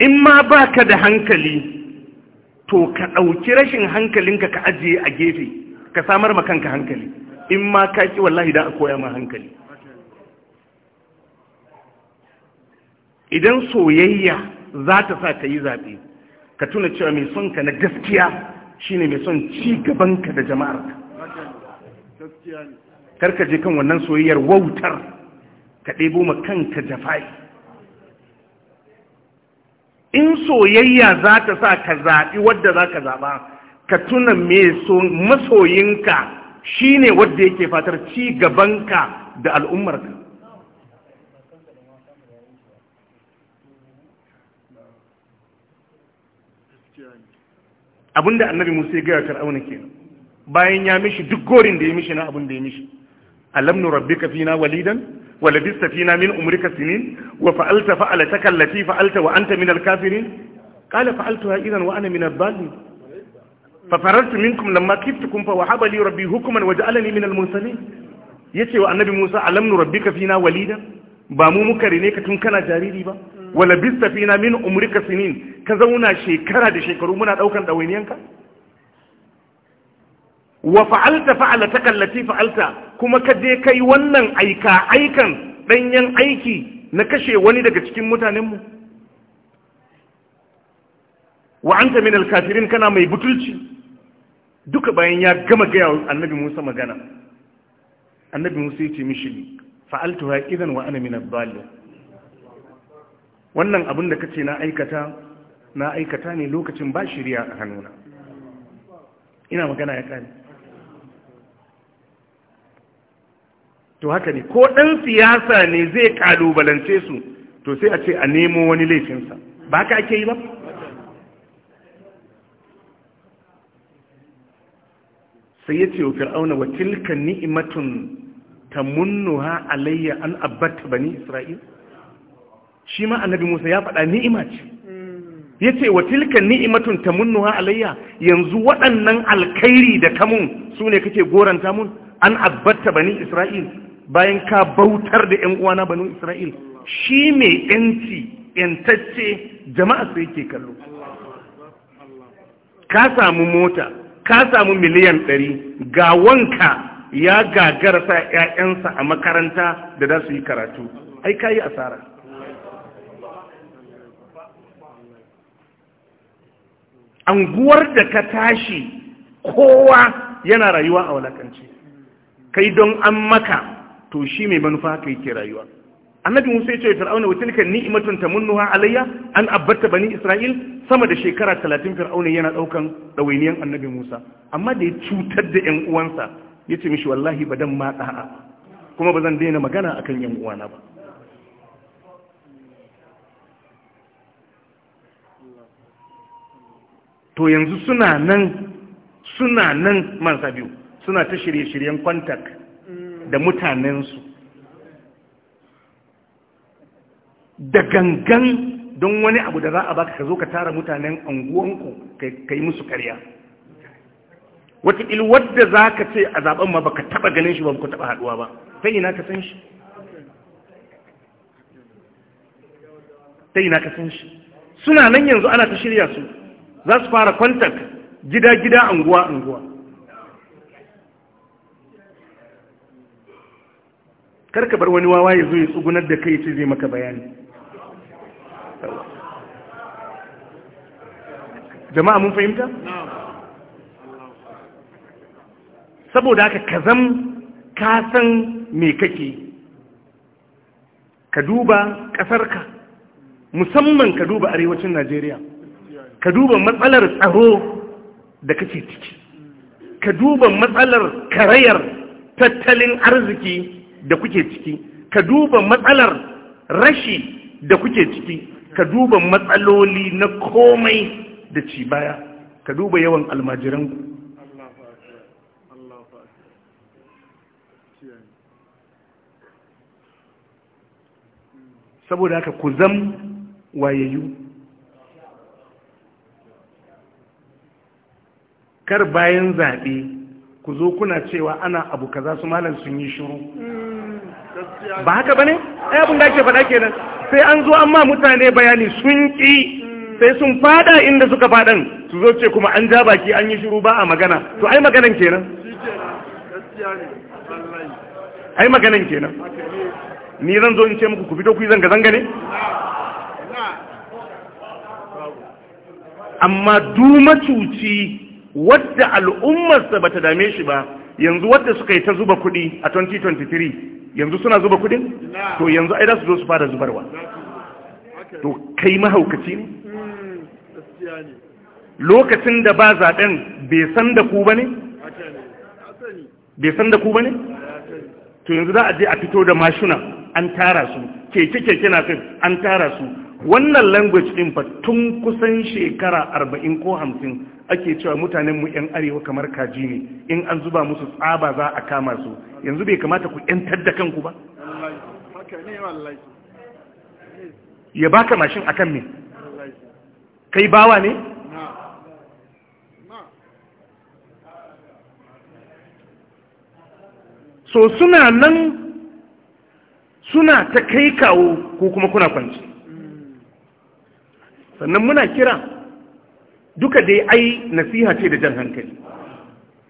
in ma ba ka da hankali to ka ɗauki rashin hankalinka ka ajiye a gefe ka samar makanka hankali in ma ka ki wallahi da a koya ma hankali idan soyayya za ta sa ka yi zaɓe ka tuna cewa mai son ka na gaskiya shine mai son ci gabanka da jama'arka karka je kan wannan soyayyar wautar ka ɗebo ma kanka jafai in soyayya za ta sa ka zaɓi wadda za ka zaɓa ka tuna mai masoyinka shi ne wadda yake fatar ci gabanka da al'ummarka abinda annabi musa ya gaya fir'auna ke bayan ya mishi duk gorin da ya mishi na abin da ya mishi alamnu nu rabbika fina walidan wa fina min umrika sinin wa fa'alta fa'alataka kallafi fa'alta wa anta min alkafirin, kafirin qala fa'altuha idan wa ana min albalin. fafarartu minkum lamma kiftukum fa wahaba li rabbi hukman waj'alani min al-mursalin yace wa annabi Musa alamnu rabbi kafina walidan ba mu muka ne ka tun kana jariri ba wala bista fina min umrika sinin ka zauna shekara da shekaru muna daukan dawainiyanka wa fa'alta fa'alataka allati fa'alta kuma ka je kai wannan aika aikan danyen aiki na kashe wani daga cikin mutanenmu wa anta min al-kafirin kana mai butulci duka bayan ya gama gaya wa annabi musa magana annabi musa ya ce mishi fa'altu ha idan wa ana min abbalin wannan abin da kace na aikata na aikata ne lokacin ba shirya a hannuna ina magana ya kare to haka ne ko ɗan siyasa ne zai ƙalubalance su to sai a ce a nemo wani laifinsa ba ka ake yi ba sai ya ce wa fir'auna wa tilka ni'matun tamunnuha alayya an abatta bani isra'il shi ma annabi musa ya faɗa ni'ima ce ya ce wa tilka ni'imatun tamunnuha alayya yanzu waɗannan alkhairi da kamun sune ne kake goranta mun an abatta bani isra'il bayan ka bautar da yan uwana bani isra'il shi mai yanci yantacce jama'a sai yake kallo ka samu mota ka samu miliyan ɗari ga wanka ya gagara sa 'ya'yansa a makaranta da za su yi karatu ai ka yi asara anguwar da ka tashi kowa yana rayuwa a walakanci kai don an maka to shi mai manufa yi ke rayuwa annabi musa ya ce fir'auna wa tilka ni'matun tamunnuha alayya an abbata bani isra'il sama da shekara talatin fir'auna yana ɗaukan ɗawainiyar annabi musa amma da ya cutar da yan uwansa ya ce mishi wallahi ba dan ma ɗa'a kuma ba zan daina magana akan yan uwana ba to yanzu suna nan suna nan mansa biyu suna ta shirye-shiryen kwantak da mutanensu da gangan don wani abu da za a baka ka zo ka tara mutanen anguwanku ka yi musu karya Watakila wadda za ka ce a zaɓen ma ka taɓa ganin shi ba ku taɓa haɗuwa ba ta ina ka san shi ta na ka san shi suna nan yanzu ana ta shirya su za su fara kwantak gida-gida anguwa-anguwa karka bar wani wawa ya zo ya tsugunar da kai ce zai maka bayani jama'a mun fahimta saboda haka ka zan ka san me kake ka duba ƙasarka musamman ka duba arewacin najeriya ka duba matsalar tsaro da kake ciki ka duba matsalar karayar tattalin arziki da kuke ciki ka duba matsalar rashi da kuke ciki ka duba matsaloli na komai da ci baya ka duba yawan almajiranku saboda haka ku zam wayayyu kar bayan zaɓe ku zo kuna cewa ana abu kaza su malam sun yi shiru ba haka ba ne? abin da ake faɗa kenan sai an zo an ma mutane bayani sun ƙi sai sun fada inda suka fadan su zo ce kuma an ja baki an yi shiru ba a magana to ai maganan kenan ai maganan kenan ni zan zo in ce muku ku fito ku yi zanga zanga ne amma du macuci wadda al'ummarsa bata dame shi ba yanzu wadda suka yi ta zuba kuɗi a 2023 yanzu suna zuba kuɗin to yanzu ai da su zo su fara zubarwa to kai mahaukaci ne lokacin da ba zaɓen bai san da ku ba ne? bai san da ku ba ne? to yanzu za a je a fito da mashina an tara su keke-keke na fi an tara su wannan language din ba tun kusan shekara arba'in ko hamsin ake cewa mutanenmu 'yan arewa kamar kaji ne in an zuba musu tsaba za a kama su yanzu bai kamata ku 'yantar da kanku ba ya baka mashin akan me kai bawa ne so suna nan suna ta kai kawo ko kuma kuna kwanci sannan muna kira duka dai ai nasiha ce da jan hankali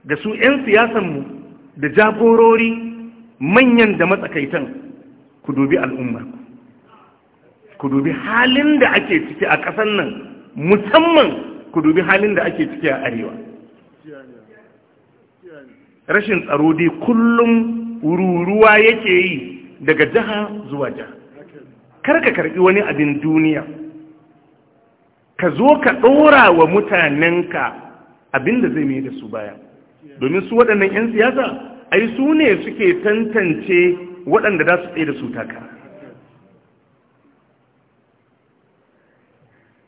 ga su 'yan mu da jagorori manyan da matsakaitan ku dubi al'ummarku. ku dubi halin da ake ciki a ƙasar nan musamman ku dubi halin da ake ciki a arewa rashin tsaro dai kullum ruruwa yake yi daga jiha zuwa jiha kar ka karbi wani abin duniya ka zo ka ɗora wa mutanenka abin da zai mai da su baya domin su waɗannan 'yan siyasa ai su ne suke tantance waɗanda za su tsaye da su takara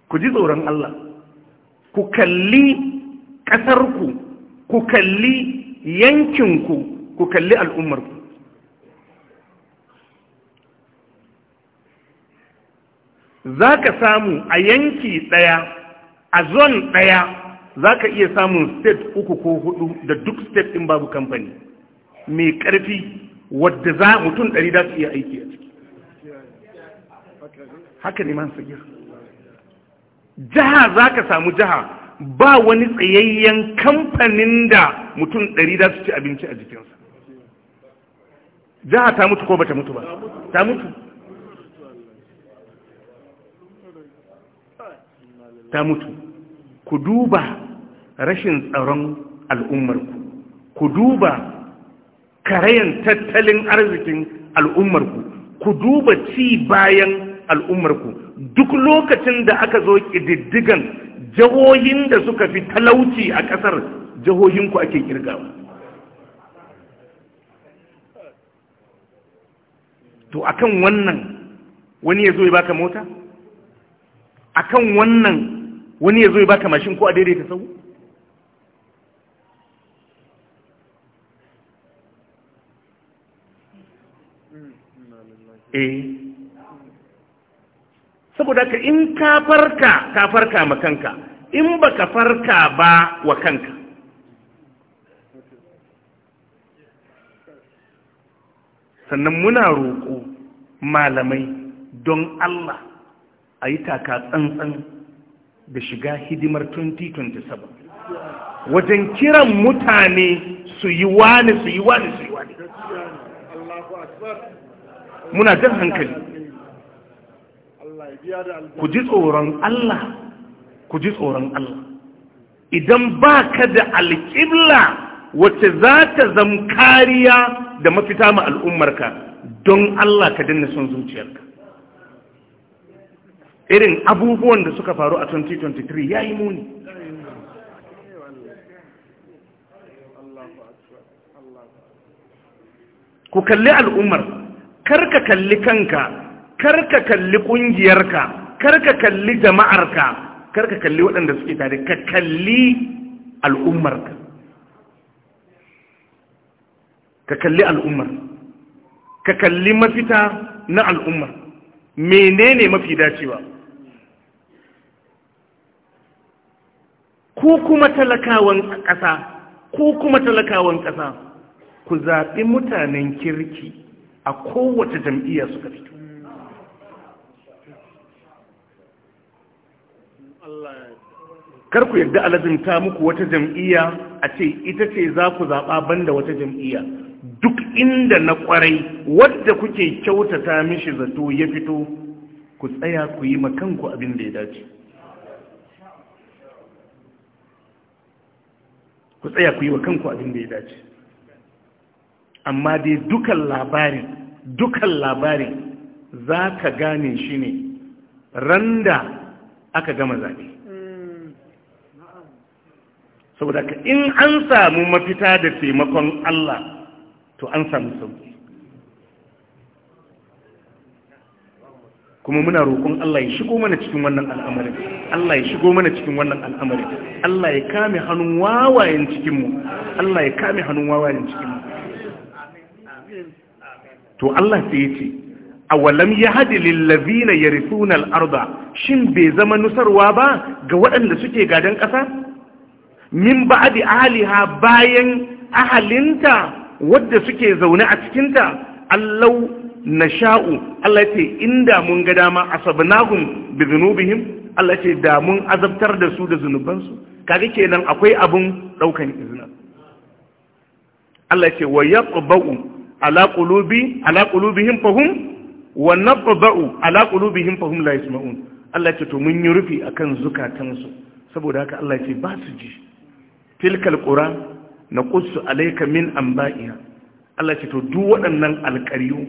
ku ji tsoron Allah ku kalli ƙasarku ku kalli yankinku ku kalli al'ummarku za ka samu a yanki ɗaya a zon ɗaya za ka iya samun state uku ko hudu da duk state ɗin babu kamfani mai ƙarfi wadda za mutum ɗari za su iya aiki a ciki haka ne man sagir jiha za ka samu jiha ba wani tsayayyen kamfanin da mutum ɗari za su ci abinci a jikinsa jiha ta mutu ko ba ta mutu ba ta mutu ta mutu ku duba rashin tsaron al'ummarku ku duba karayan tattalin arzikin al'ummarku ku duba ci bayan al'ummarku duk lokacin da aka zo ƙididdigan jihohin da suka fi talauci a ƙasar jihohinku ake kirgawa to akan wannan wani ya zo ya baka mota akan wannan wani ya zo ya baka mashin ko a daidaita sau eh saboda ka in ka farka ka farka ma kanka in baka farka ba wa kanka sannan muna roƙo malamai don Allah a yi taka tsantsan da shiga hidimar 2027 wajen kiran mutane su yi wani su yi wani su yi wani muna jan hankali ku ji tsoron Allah ku ji tsoron Allah idan ba ka da alƙibla wacce za ta zam kariya da mafita ma al'ummarka don Allah ka dinna son zuciyarka irin abubuwan da suka faru a 2023 ya yi muni ku kalli al'ummar kar ka kalli kanka karka kalli kungiyarka karka kalli jama'arka karka kalli waɗanda suke tare ka kalli al'ummarka ka kalli al'ummar ka kalli mafita na al'ummar menene mafi dacewa ko kuma talakawan ƙasa ko kuma talakawan ƙasa ku zaɓi mutanen kirki a kowace jam'iyya suka fito karku ku yadda alazinta muku wata jam'iyya a ce ita ce za ku zaɓa banda wata jam'iyya duk inda na ƙwarai wadda kuke kyautata mishi zato ya fito ku tsaya ku yi makanku abin da ya dace ku tsaya ku yi wa kanku abin da ya dace amma dai dukan labari dukan labari za ka gane shi ne randa aka gama zaɓe mm. saboda ka in an samu mafita da taimakon Allah to an samu sauki kuma muna roƙon Allah ya shigo mana cikin wannan al'amarin Allah ya shigo mana cikin wannan al'amarin Allah ya kame hannun wawayen cikinmu Allah ya kame hannun wawayen cikinmu to Allah sai ya ce walam ya hadi lillazina yarithuna al-arda shin bai zama nusarwa ba ga waɗanda suke gadan ƙasa min ba'di aliha bayan ahalinta wadda suke zaune a cikinta allau nasha'u Allah ce inda mun ga dama asabnahum bi dhunubihim Allah ce da mun azabtar da su da zunubansu kaga kenan akwai abun daukan izina Allah ce wa yaqba'u ala qulubi ala qulubihim fahum wa naqda'u ala qulubihim fahum la yasma'un Allah ya ce to mun yi rufi akan zukatansu saboda haka Allah ya ce ba su ji tilkal qura naqussu alayka min anba'iha Allah ya ce to duk waɗannan alƙaryu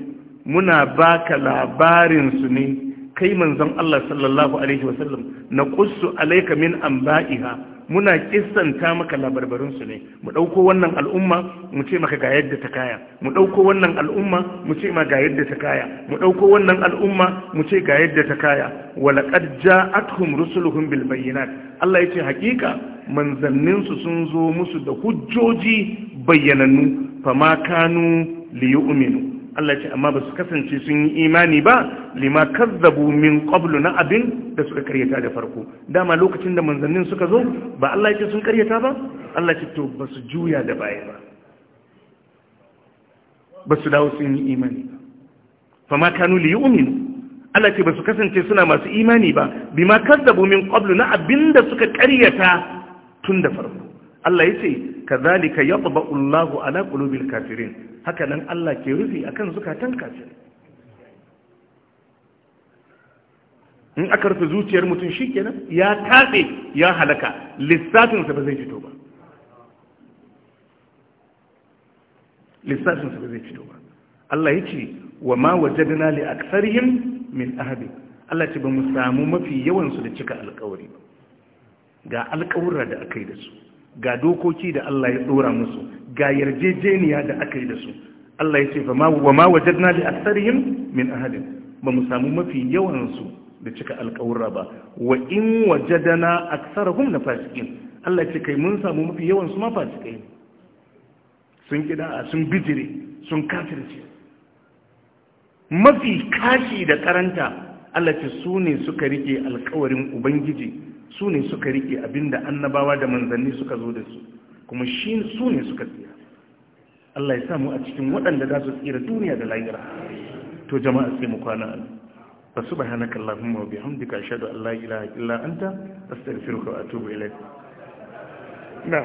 muna baka labarin su ne kai manzon Allah sallallahu alaihi wasallam naqussu alayka min anba'iha muna kissanta maka labarbarinsu ne mu ɗauko wannan al'umma mu ce maka ga yadda ta kaya mu ɗauko wannan al'umma mu ce ma ga yadda ta kaya mu ɗauko wannan al'umma mu ce ga yadda ta kaya walaƙad ja'atuhum rusuluhum bil bayyinat Allah yace hakika manzanninsu sun zo musu da hujjoji bayyanannu fama kanu liyu'minu Allah ce amma ba su kasance sun yi imani ba lima kazzabu min qablu na abin da suka karyata da farko dama lokacin da manzannin suka zo ba Allah ya ce sun karyata ba Allah ce to ba su juya da baya ba ba su dawo sun yi imani ba fa ma kanu li yu'minu Allah ce ba su kasance suna masu imani ba bima kazzabu min qablu na abin da suka karyata tun da farko Allah ya ce kazalika yatba'u Allahu ala qulubil kafirin haka nan Allah ke rufi akan zukatan kafin in aka rufe zuciyar mutum shi kenan ya tatse ya halaka lissafinsa ba zai fito ba lissafinsa ba zai fito ba Allah ya ce wa ma na li aksarihim min ahadi Allah ce ba mu samu mafi yawansu da cika alkawari ba ga alkawura da aka yi da su ga dokoki da Allah ya tsora musu ga yarjejeniya da aka yi da su Allah ya ce fa ma wa ma wajadna li aktharihim min ahadin ba mu samu mafi yawan su da cika alƙawurra ba wa in wajadana aktharahum na fasikin Allah ya ce kai mun samu mafi yawan su ma fasikai sun kida sun bijire sun kafirce mafi kashi da karanta Allah ce su ne suka rike alƙawarin ubangiji su ne suka rike abinda annabawa da manzanni suka zo da su kuma shi su ne suka tsira Allah ya samu a cikin waɗanda za su tsira duniya da lahira to jama'a sai mu kwana an fa subhanaka allahumma wa bihamdika ashhadu an la ilaha illa anta astaghfiruka wa atubu ilayk na